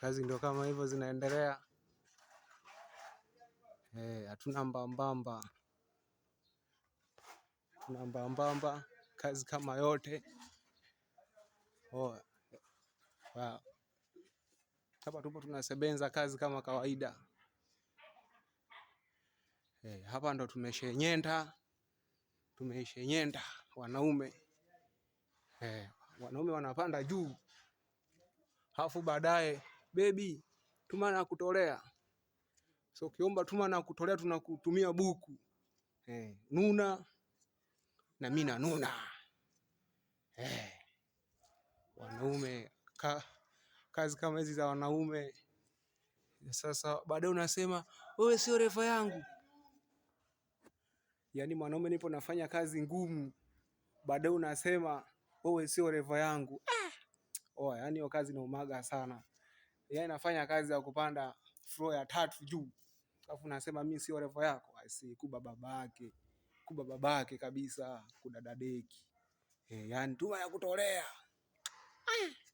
kazi ndio kama hivyo zinaendelea. Eh, hatuna mbambamba, hatuna mbambamba, kazi kama yote oh. Wow. Hapa tupo tunasebenza kazi kama kawaida eh, hapa ndo tumeshenyenda, tumeshenyenda wanaume eh, wanaume wanapanda juu, halafu baadaye bebi, tuma na kutolea. So ukiomba tuma na kutolea, tunakutumia buku eh, nuna na mimi na nuna eh, wanaume ka, kazi kama hizi za wanaume. Sasa baadaye unasema wewe sio refa yangu, yaani mwanaume nipo nafanya kazi ngumu, baadaye unasema wewe sio refa yangu. Ah, oh, yaani hiyo kazi naumaga sana yeye anafanya kazi ya kupanda floor ya tatu juu, alafu nasema mimi sio level yako. Asi kuba babake, kuba babake kabisa, kudadadeki eh, yani tuma ya kutolea ah,